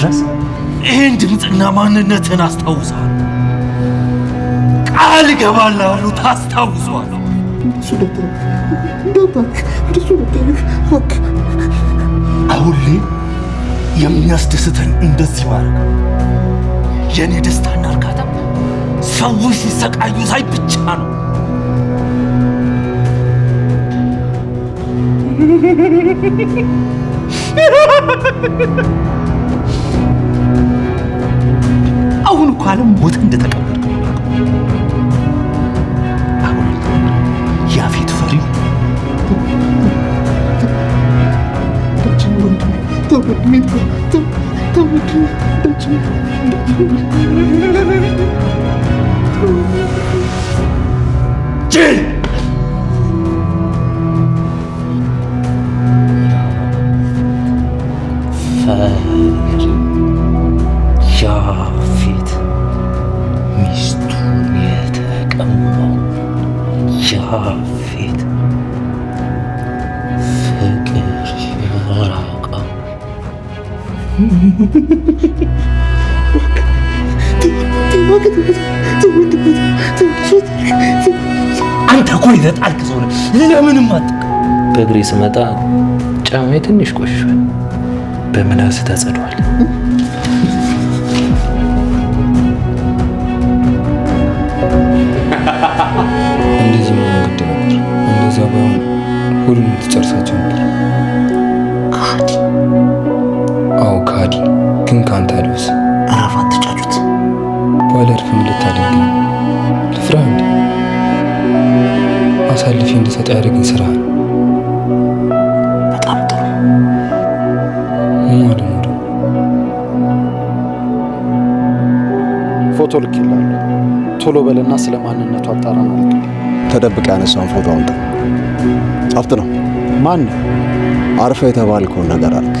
ድረስ ይህን ድምፅና ማንነትን አስታውሰዋል። ቃል እገባልሃለሁ ታስታውሰዋል። አሁን ላይ የሚያስደስተን እንደዚህ ማድረግ የእኔ ደስታና እርካታ ሰዎች ሲሰቃዩ ሳይ ብቻ ነው። ከኋላም ሞት እንደተቀበልክ ያፌት ፈሪው ፈ ፊት ፍቅር ያራቀው አንተ እኮ የተጣልክ ሰው ለምንም አትቀ በእግሬ ስመጣ ጫማዬ ትንሽ ቆሽሿል። በምላስ ተጸዷል። እንደዛ ባይሆን ሁሉንም ትጨርሳቸው ነበር። ከሃዲ አዎ፣ ከሃዲ ግን ከአንተ አልበስ እረፋት ትጫጩት ባለርፍም ልታደርግ ነው። ልፍራ እንዲ አሳልፌ እንድሰጥ በጣም ጥሩ ፎቶ ልክ ይላሉ። ቶሎ በልና ስለ ማንነቱ አጣራ ነው። ተደብቀ ያነሳውን ፎቶ አምጣ። አፍጥ ነው ማን አርፈ የተባልከውን ነገር አልክ።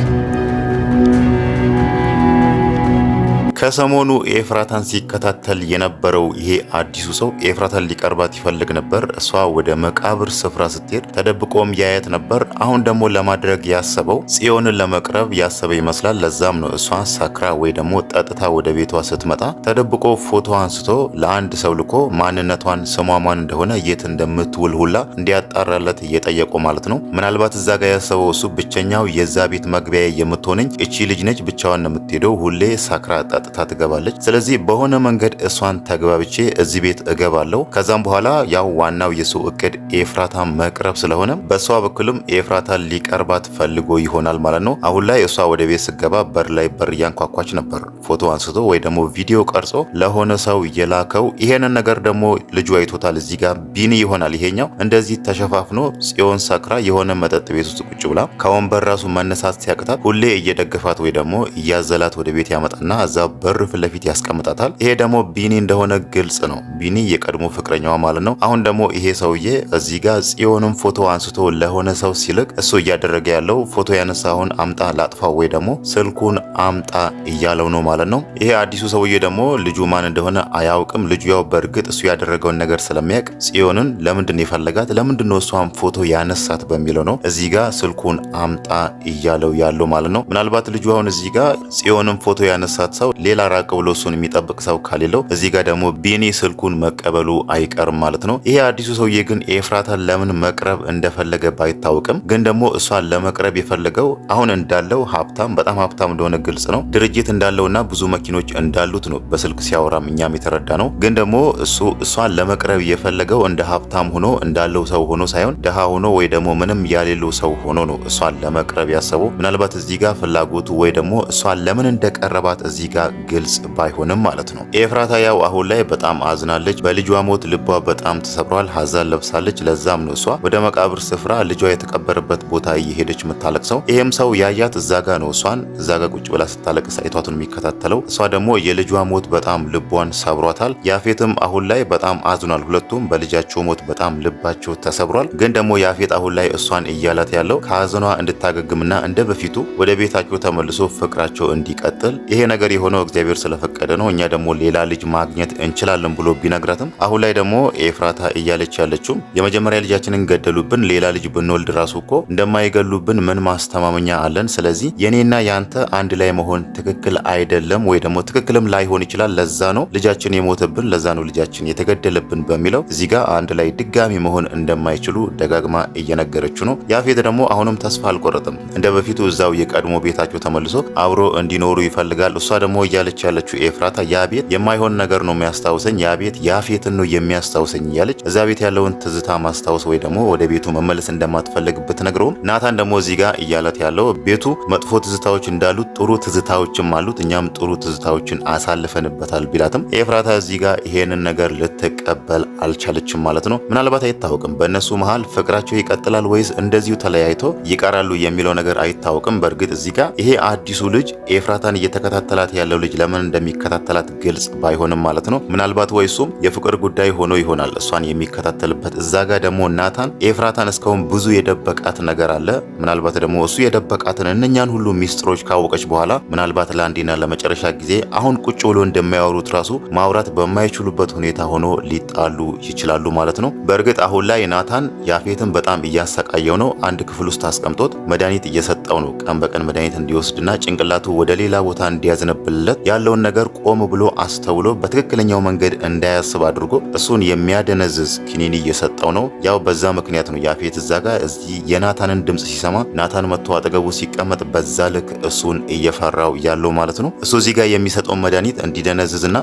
ከሰሞኑ ኤፍራታን ሲከታተል የነበረው ይሄ አዲሱ ሰው ኤፍራታን ሊቀርባት ይፈልግ ነበር። እሷ ወደ መቃብር ስፍራ ስትሄድ ተደብቆም ያየት ነበር። አሁን ደግሞ ለማድረግ ያሰበው ጽዮንን ለመቅረብ ያሰበ ይመስላል። ለዛም ነው እሷ ሰክራ ወይ ደግሞ ጠጥታ ወደ ቤቷ ስትመጣ ተደብቆ ፎቶ አንስቶ ለአንድ ሰው ልኮ ማንነቷን፣ ስሟ ማን እንደሆነ፣ የት እንደምትውል ሁላ እንዲያጣራለት እየጠየቁ ማለት ነው። ምናልባት እዛ ጋር ያሰበው እሱ ብቸኛው የዛ ቤት መግቢያ የምትሆነኝ እቺ ልጅ ነች፣ ብቻዋን ነው የምትሄደው፣ ሁሌ ሰክራ ጠጥ አጥታ ትገባለች። ስለዚህ በሆነ መንገድ እሷን ተግባብቼ እዚህ ቤት እገባለሁ። ከዛም በኋላ ያው ዋናው የሱ እቅድ ኤፍራታ መቅረብ ስለሆነ በእሷ በኩልም ኤፍራታ ሊቀርባት ፈልጎ ይሆናል ማለት ነው። አሁን ላይ እሷ ወደ ቤት ስገባ በር ላይ በር እያንኳኳች ነበር። ፎቶ አንስቶ ወይ ደግሞ ቪዲዮ ቀርጾ ለሆነ ሰው የላከው ይሄንን ነገር ደግሞ ልጁ አይቶታል። እዚህ ጋር ቢኒ ይሆናል ይሄኛው እንደዚህ ተሸፋፍኖ ጽዮን ሰክራ የሆነ መጠጥ ቤት ውስጥ ቁጭ ብላ ከወንበር ራሱ መነሳት ሲያቅታት ሁሌ እየደገፋት ወይ ደግሞ እያዘላት ወደ ቤት ያመጣና እዛ በሩ ፊት ለፊት ያስቀምጣታል። ይሄ ደግሞ ቢኒ እንደሆነ ግልጽ ነው። ቢኒ የቀድሞ ፍቅረኛዋ ማለት ነው። አሁን ደግሞ ይሄ ሰውዬ እዚህ ጋር ጽዮንም ፎቶ አንስቶ ለሆነ ሰው ሲልክ እሱ እያደረገ ያለው ፎቶ ያነሳውን አምጣ ላጥፋው ወይ ደግሞ ስልኩን አምጣ እያለው ነው ማለት ነው። ይሄ አዲሱ ሰውዬ ደግሞ ልጁ ማን እንደሆነ አያውቅም። ልጁ ያው በእርግጥ እሱ ያደረገውን ነገር ስለሚያውቅ ጽዮንን ለምንድን የፈለጋት ለምንድን ነው እሷን ፎቶ ያነሳት በሚለው ነው እዚህ ጋር ስልኩን አምጣ እያለው ያለው ማለት ነው። ምናልባት ልጁ አሁን እዚህ ጋር ጽዮንን ፎቶ ያነሳት ሰው ሌላ ራቅ ብሎ እሱን የሚጠብቅ ሰው ከሌለው እዚህ ጋር ደግሞ ቢኒ ስልኩን መቀበሉ አይቀርም ማለት ነው። ይሄ አዲሱ ሰውዬ ግን ኤፍራታን ለምን መቅረብ እንደፈለገ ባይታወቅም ግን ደግሞ እሷን ለመቅረብ የፈለገው አሁን እንዳለው ሀብታም በጣም ሀብታም እንደሆነ ግልጽ ነው፣ ድርጅት እንዳለውና ብዙ መኪኖች እንዳሉት ነው በስልክ ሲያወራም እኛም የተረዳ ነው። ግን ደግሞ እሱ እሷን ለመቅረብ የፈለገው እንደ ሀብታም ሆኖ እንዳለው ሰው ሆኖ ሳይሆን ደሃ ሆኖ ወይ ደግሞ ምንም ያሌለው ሰው ሆኖ ነው እሷን ለመቅረብ ያሰበው። ምናልባት እዚህ ጋር ፍላጎቱ ወይ ደግሞ እሷን ለምን እንደቀረባት እዚህ ጋር ግልጽ ባይሆንም ማለት ነው። ኤፍራታ ያው አሁን ላይ በጣም አዝናለች። በልጇ ሞት ልቧ በጣም ተሰብሯል፣ ሀዘን ለብሳለች። ለዛም ነው እሷ ወደ መቃብር ስፍራ ልጇ የተቀበረበት ቦታ እየሄደች የምታለቅሰው። ይህም ሰው ያያት እዛ ጋ ነው። እሷን እዛ ጋ ቁጭ ብላ ስታለቅ አይቷትን የሚከታተለው። እሷ ደግሞ የልጇ ሞት በጣም ልቧን ሰብሯታል። ያፌትም አሁን ላይ በጣም አዝኗል። ሁለቱም በልጃቸው ሞት በጣም ልባቸው ተሰብሯል። ግን ደግሞ ያፌት አሁን ላይ እሷን እያላት ያለው ከሀዘኗ እንድታገግምና እንደ በፊቱ ወደ ቤታቸው ተመልሶ ፍቅራቸው እንዲቀጥል ይሄ ነገር የሆነው እግዚአብሔር ስለፈቀደ ነው፣ እኛ ደግሞ ሌላ ልጅ ማግኘት እንችላለን ብሎ ቢነግራትም አሁን ላይ ደግሞ ኤፍራታ እያለች ያለችው የመጀመሪያ ልጃችንን ገደሉብን፣ ሌላ ልጅ ብንወልድ ራሱ እኮ እንደማይገሉብን ምን ማስተማመኛ አለን? ስለዚህ የኔና ያንተ አንድ ላይ መሆን ትክክል አይደለም፣ ወይ ደግሞ ትክክልም ላይሆን ይችላል። ለዛ ነው ልጃችን የሞተብን፣ ለዛ ነው ልጃችን የተገደለብን በሚለው እዚህ ጋር አንድ ላይ ድጋሚ መሆን እንደማይችሉ ደጋግማ እየነገረችው ነው። ያፌት ደግሞ አሁንም ተስፋ አልቆረጥም። እንደ በፊቱ እዛው የቀድሞ ቤታቸው ተመልሶ አብሮ እንዲኖሩ ይፈልጋል። እሷ ደግሞ እያለች ያለችው ኤፍራታ ያ ቤት የማይሆን ነገር ነው የሚያስታውሰኝ፣ ያ ቤት ያፌትን ነው የሚያስታውሰኝ እያለች እዚያ ቤት ያለውን ትዝታ ማስታወስ ወይ ደግሞ ወደ ቤቱ መመለስ እንደማትፈልግ ብትነግረውም ናታን ደግሞ እዚህ ጋር እያለት ያለው ቤቱ መጥፎ ትዝታዎች እንዳሉት ጥሩ ትዝታዎችም አሉት፣ እኛም ጥሩ ትዝታዎችን አሳልፈንበታል ቢላትም ኤፍራታ እዚህ ጋር ይሄንን ነገር ልትቀበል አልቻለችም ማለት ነው። ምናልባት አይታወቅም በእነሱ መሀል ፍቅራቸው ይቀጥላል ወይስ እንደዚሁ ተለያይቶ ይቀራሉ የሚለው ነገር አይታወቅም። በእርግጥ እዚህ ጋር ይሄ አዲሱ ልጅ ኤፍራታን እየተከታተላት ያለው ልጅ ለምን እንደሚከታተላት ግልጽ ባይሆንም ማለት ነው። ምናልባት ወይ እሱም የፍቅር ጉዳይ ሆኖ ይሆናል እሷን የሚከታተልበት። እዛ ጋ ደግሞ ናታን ኤፍራታን እስካሁን ብዙ የደበቃት ነገር አለ። ምናልባት ደግሞ እሱ የደበቃትን እነኛን ሁሉ ሚስጥሮች ካወቀች በኋላ ምናልባት ለአንዴና ለመጨረሻ ጊዜ አሁን ቁጭ ብሎ እንደማያወሩት ራሱ ማውራት በማይችሉበት ሁኔታ ሆኖ ሊጣሉ ይችላሉ ማለት ነው። በእርግጥ አሁን ላይ ናታን ያፌትን በጣም እያሰቃየው ነው። አንድ ክፍል ውስጥ አስቀምጦት መድኃኒት እየሰጠው ነው። ቀን በቀን መድኃኒት እንዲወስድና ጭንቅላቱ ወደ ሌላ ቦታ እንዲያዝነብለት ሲደረግለት ያለውን ነገር ቆም ብሎ አስተውሎ በትክክለኛው መንገድ እንዳያስብ አድርጎ እሱን የሚያደነዝዝ ኪኒኒ እየሰጠው ነው። ያው በዛ ምክንያት ነው ያፌት እዛ ጋር እዚህ የናታንን ድምፅ ሲሰማ ናታን መጥቶ አጠገቡ ሲቀመጥ በዛ ልክ እሱን እየፈራው ያለው ማለት ነው። እሱ እዚህ ጋር የሚሰጠውን መድኃኒት እንዲደነዝዝና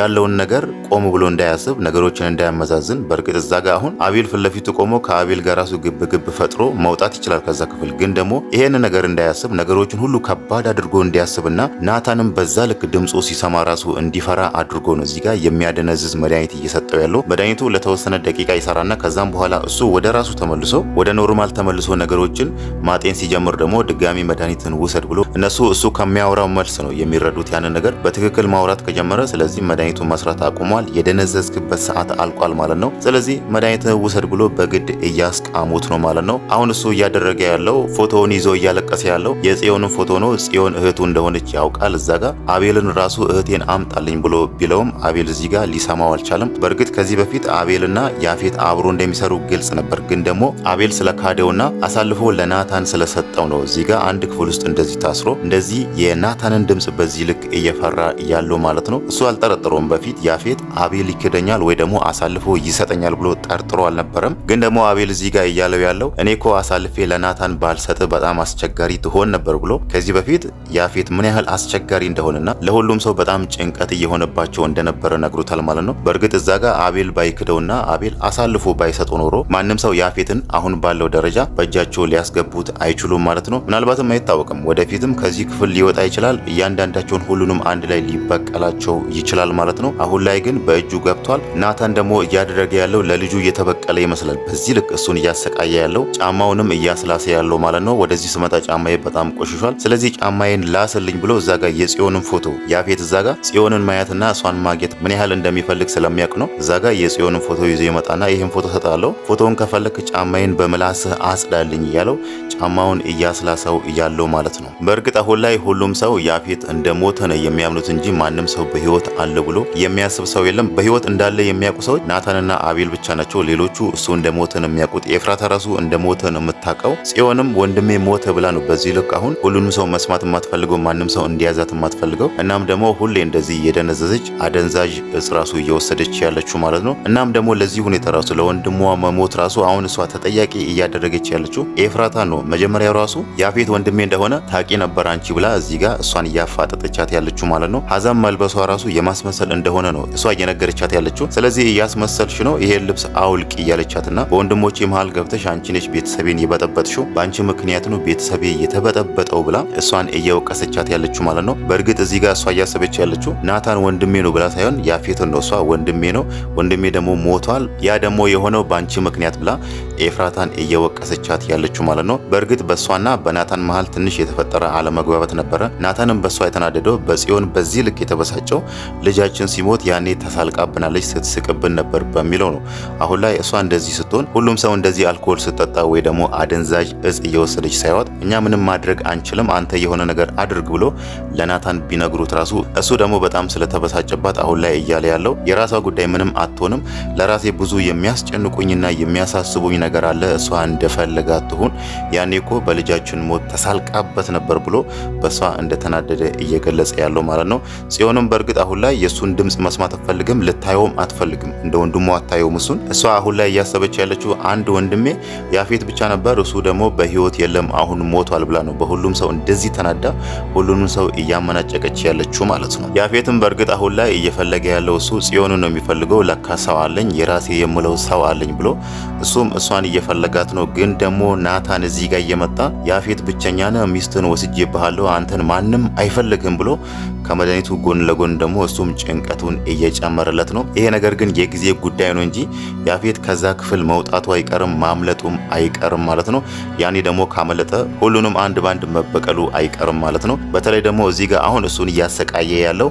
ያለውን ነገር ቆም ብሎ እንዳያስብ ነገሮችን እንዳያመዛዝን። በእርግጥ እዛ ጋር አሁን አቤል ፊት ለፊቱ ቆሞ ከአቤል ጋር ራሱ ግብ ግብ ፈጥሮ መውጣት ይችላል ከዛ ክፍል ግን ደግሞ ይሄን ነገር እንዳያስብ ነገሮችን ሁሉ ከባድ አድርጎ እንዲያስብና ናታንም በዛ ልክ ድምፁ ሲሰማ ራሱ እንዲፈራ አድርጎ ነው እዚህ ጋር የሚያደነዝዝ መድኃኒት እየሰጠው ያለው። መድኃኒቱ ለተወሰነ ደቂቃ ይሰራና ከዛም በኋላ እሱ ወደ ራሱ ተመልሶ ወደ ኖርማል ተመልሶ ነገሮችን ማጤን ሲጀምር ደግሞ ድጋሚ መድኃኒትን ውሰድ ብሎ እነሱ እሱ ከሚያወራው መልስ ነው የሚረዱት ያንን ነገር በትክክል ማውራት ከጀመረ፣ ስለዚህ መድኃኒቱ መስራት አቁሟል። የደነዘዝክበት ሰዓት አልቋል ማለት ነው። ስለዚህ መድኃኒትን ውሰድ ብሎ በግድ እያስቃሙት ነው ማለት ነው። አሁን እሱ እያደረገ ያለው ፎቶውን ይዞ እያለቀሰ ያለው የጽዮንን ፎቶ ነው። ጽዮን እህቱ እንደሆነች ያውቃል። እዛ ጋር አቤልን ራሱ እህቴን አምጣልኝ ብሎ ቢለውም አቤል እዚህ ጋር ሊሰማው አልቻለም። በእርግጥ ከዚህ በፊት አቤልና ያፌት አብሮ እንደሚሰሩ ግልጽ ነበር። ግን ደግሞ አቤል ስለ ካደውና አሳልፎ ለናታን ስለሰጠው ነው እዚህ ጋር አንድ ክፍል ውስጥ እንደዚህ ታስሮ እንደዚህ የናታንን ድምፅ በዚህ ልክ እየፈራ ያለው ማለት ነው። እሱ አልጠረጠረውም። በፊት ያፌት አቤል ይክደኛል ወይ ደግሞ አሳልፎ ይሰጠኛል ብሎ ጠርጥሮ አልነበረም። ግን ደግሞ አቤል እዚህ ጋር እያለው ያለው እኔ ኮ አሳልፌ ለናታን ባልሰጥ በጣም አስቸጋሪ ትሆን ነበር ብሎ ከዚህ በፊት ያፌት ምን ያህል አስቸጋሪ እንደሆነና ለሁሉም ሰው በጣም ጭንቀት እየሆነባቸው እንደነበረ ነግሩታል ማለት ነው። በእርግጥ እዛ ጋር አቤል ባይክደውና አቤል አሳልፎ ባይሰጠው ኖሮ ማንም ሰው ያፌትን አሁን ባለው ደረጃ በእጃቸው ሊያስገቡት አይችሉም ማለት ነው። ምናልባትም አይታወቅም፣ ወደፊትም ከዚህ ክፍል ሊወጣ ይችላል። እያንዳንዳቸውን ሁሉንም አንድ ላይ ሊበቀላቸው ይችላል ማለት ነው። አሁን ላይ ግን በእጁ ገብቷል። ናታን ደግሞ እያደረገ ያለው ለልጁ እየተበቀለ ይመስላል። በዚህ ልክ እሱን እያሰቃየ ያለው ጫማውንም እያስላሰ ያለው ማለት ነው። ወደዚህ ስመጣ ጫማዬ በጣም ቆሽሿል፣ ስለዚህ ጫማዬን ላስልኝ ብሎ እዛ ጋር የጽዮንን ፎቶ ተመልከቱ። ያፌት እዛ ጋ ጽዮንን ማየትና እሷን ማግኘት ምን ያህል እንደሚፈልግ ስለሚያውቅ ነው። እዛ ጋ የጽዮንን ፎቶ ይዞ ይመጣና ይህን ፎቶ ሰጣለው፣ ፎቶውን ከፈለክ ጫማዬን በምላስህ አጽዳልኝ እያለው ጫማውን እያስላሰው እያለው ማለት ነው። በእርግጥ አሁን ላይ ሁሉም ሰው ያፌት ሞተ ነው የሚያምኑት እንጂ ማንም ሰው በህይወት አለ ብሎ የሚያስብ ሰው የለም። በህይወት እንዳለ የሚያውቁ ሰዎች ናታንና አቤል ብቻ ናቸው። ሌሎቹ እሱ ሞተ ነው የሚያውቁት። ኤፍራታ ራሱ ሞተ ነው የምታውቀው። ጽዮንም ወንድሜ ሞተ ብላ ነው በዚህ ልክ አሁን ሁሉንም ሰው መስማት የማትፈልገው ማንም ሰው እንዲያዛት የማትፈልገው እናም ደግሞ ሁሌ እንደዚህ የደነዘዘች አደንዛዥ እጽ ራሱ እየወሰደች ያለችው ማለት ነው። እናም ደግሞ ለዚህ ሁኔታ ራሱ ለወንድሟ መሞት ራሱ አሁን እሷ ተጠያቂ እያደረገች ያለችው ኤፍራታ ነው። መጀመሪያ ራሱ ያፌት ወንድሜ እንደሆነ ታቂ ነበር አንቺ ብላ እዚህ ጋር እሷን እያፋጠጠቻት ያለችው ማለት ነው። ሀዛም መልበሷ ራሱ የማስመሰል እንደሆነ ነው እሷ እየነገረቻት ያለችው። ስለዚህ እያስመሰልሽ ነው ይሄን ልብስ አውልቅ እያለቻትና በወንድሞቼ መሀል ገብተሽ አንቺ ነሽ ቤተሰቤን የበጠበጥሽው በአንቺ ምክንያት ነው ቤተሰቤ እየተበጠበጠው ብላ እሷን እየወቀሰቻት ያለችው ማለት ነው። በእርግጥ እዚህ ጋር እሷ እያሰበች ያለችው ናታን ወንድሜ ነው ብላ ሳይሆን ያፌትን ነው እሷ ወንድሜ ነው ወንድሜ ደግሞ ሞቷል፣ ያ ደግሞ የሆነው በአንቺ ምክንያት ብላ ኤፍራታን እየወቀሰቻት ያለችው ማለት ነው። በእርግጥ በእሷና በናታን መሀል ትንሽ የተፈጠረ አለመግባባት ነበረ። ናታንም በእሷ የተናደደው በጽዮን በዚህ ልክ የተበሳጨው ልጃችን ሲሞት ያኔ ተሳልቃብናለች ስትስቅብን ነበር በሚለው ነው። አሁን ላይ እሷ እንደዚህ ስትሆን ሁሉም ሰው እንደዚህ አልኮል ስጠጣ ወይ ደግሞ አደንዛዥ እጽ እየወሰደች ሳይወጥ እኛ ምንም ማድረግ አንችልም አንተ የሆነ ነገር አድርግ ብሎ ለናታን ቢነግሩት ራሱ እሱ ደግሞ በጣም ስለተበሳጨባት አሁን ላይ እያለ ያለው የራሷ ጉዳይ ምንም አትሆንም፣ ለራሴ ብዙ የሚያስጨንቁኝና የሚያሳስቡኝ ነገር አለ፣ እሷ እንደፈለጋ ትሁን ያኔ እኮ በልጃችን ሞት ተሳልቃበት ነበር ብሎ በሷ እንደተናደደ እየገለጸ ያለው ማለት ነው። ጽዮንም በእርግጥ አሁን ላይ የእሱን ድምፅ መስማት አትፈልግም፣ ልታየውም አትፈልግም። እንደ ወንድሞ አታየውም እሱን። እሷ አሁን ላይ እያሰበች ያለችው አንድ ወንድሜ ያፌት ብቻ ነበር፣ እሱ ደግሞ በህይወት የለም አሁን ሞቷል ብላ ነው በሁሉም ሰው እንደዚህ ተናዳ ሁሉንም ሰው እያመናጨቀች ያለችው ማለት ነው። ያፌትም በእርግጥ አሁን ላይ እየፈለገ ያለው እሱ ጽዮኑ ነው የሚፈልገው። ለካ ሰው አለኝ የራሴ የምለው ሰው አለኝ ብሎ እሱም እሷን እየፈለጋት ነው። ግን ደግሞ ናታን እዚህ ጋር እየመጣ ያፌት ብቸኛ ነህ፣ ሚስትህን ወስጄብሃለሁ፣ አንተን ማንም አይፈልግም ብሎ ከመድኃኒቱ ጎን ለጎን ደግሞ እሱም ጭንቀቱን እየጨመረለት ነው። ይሄ ነገር ግን የጊዜ ጉዳይ ነው እንጂ ያፌት ከዛ ክፍል መውጣቱ አይቀርም፣ ማምለጡም አይቀርም ማለት ነው። ያኔ ደግሞ ካመለጠ ሁሉንም አንድ ባንድ መበቀሉ አይቀርም ማለት ነው። በተለይ ደግሞ እዚህ ጋር አሁን እሱን እያሰቃየ ያለው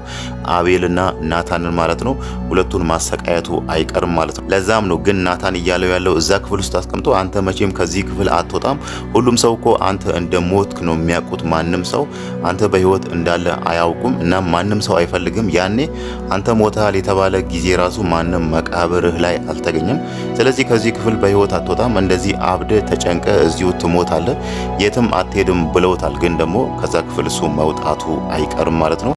አቤልና ናታንን ማለት ነው። ሁለቱን ማሰቃየቱ አይቀርም ማለት ነው። ለዛም ነው ግን ናታን እያለው ያለው እዛ ክፍል ውስጥ አስቀምጦ አንተ መቼም ከዚህ ክፍል አትወጣም፣ ሁሉም ሰው እኮ አንተ እንደሞት ነው የሚያውቁት። ማንም ሰው አንተ በህይወት እንዳለ አያውቁም እና ማንም ሰው አይፈልግም። ያኔ አንተ ሞተሃል የተባለ ጊዜ ራሱ ማንም መቃብርህ ላይ አልተገኘም። ስለዚህ ከዚህ ክፍል በህይወት አትወጣም። እንደዚህ አብደ ተጨንቀ እዚሁ ትሞታለህ፣ የትም አትሄድም ብለውታል። ግን ደግሞ ከዛ ክፍል እሱ መውጣቱ አይቀርም ማለት ነው።